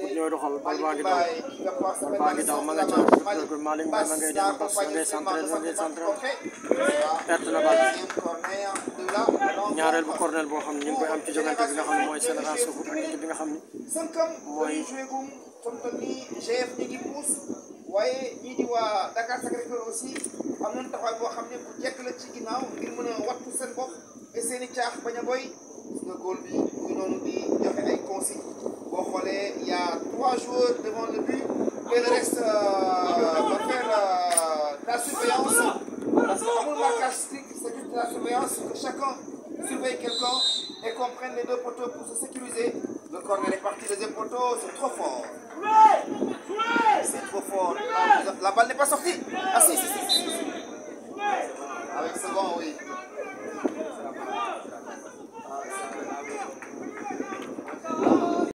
jóg ñooy doxal bal baa ngi daw bal baa ngi daw ma nga ca góorgóorlu Malick Mbaye ma ngay dem bas ma ngay centré ma ngay centré perte na bal ñaareel bu cornel boo xam ne ñu ngi koy am ci jogante bi nga xam ne mooy Génération Foot ak équipe bi nga xam ne mooy waaye ñii di waa Dakar Sacré-Cœur aussi am nañu taxawaay boo xam ne bu jekk la ci ginnaaw ngir mën a wattu seen bopp et seen i caax bañ a boy nga góol bi muy noonu di trois joueurs devant le but et le reste euh, euh, va faire euh, la surveillance parce que amul surveillance que chacun surveille quelqu'un et qu'on prenne les deux poteaux pour se sécuriser le corner est parti deuxième poteau c'est trop fort la balle n'est pas sortie ah avec second ah, oui